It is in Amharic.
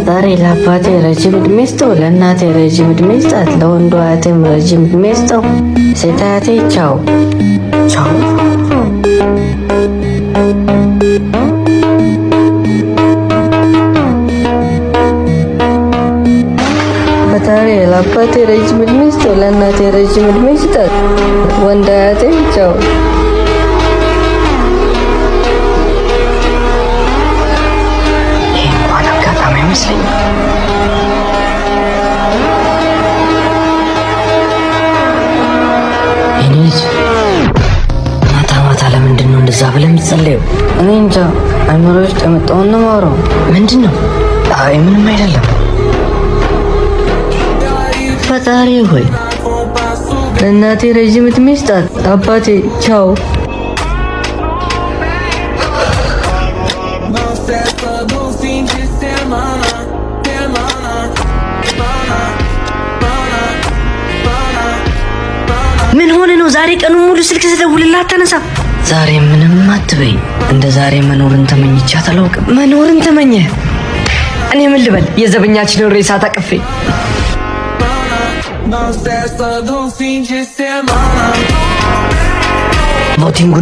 ፈጣሪ ለአባቴ ረጅም እድሜ ስጠው፣ ለእናቴ ረጅም እድሜ ስጣት፣ ለወንዱ አያቴም ረጅም እድሜ ስጠው። ሴት አያቴ ቻው ቻው። ፈጣሪ ለአባቴ ረጅም እድሜ ስጠው፣ ለእናቴ ረጅም እድሜ ስጣት፣ ወንድ አያቴ ቻው ይመስለኛል። እዛ ማታ ማታ እንደዛ ብለህ የምትጸለየው? እኔ እንጃ አይምሮ ውስጥ የመጣውን ነው የማወራው። ምንድን ነው? አይ ምንም አይደለም። ፈጣሪ ሆይ ለእናቴ ረዥም ዕድሜ ስጣት። አባቴ ቻው። ምን ሆነ ነው ዛሬ ቀኑን ሙሉ ስልክ ስደውልልህ አታነሳም? ዛሬ ምንም አትበይ። እንደ ዛሬ መኖርን ተመኝቻ አላውቅም። መኖርን ተመኘ? እኔ ምን ልበል? የዘበኛችንን ሬሳ ታቅፌ ቮቲንግ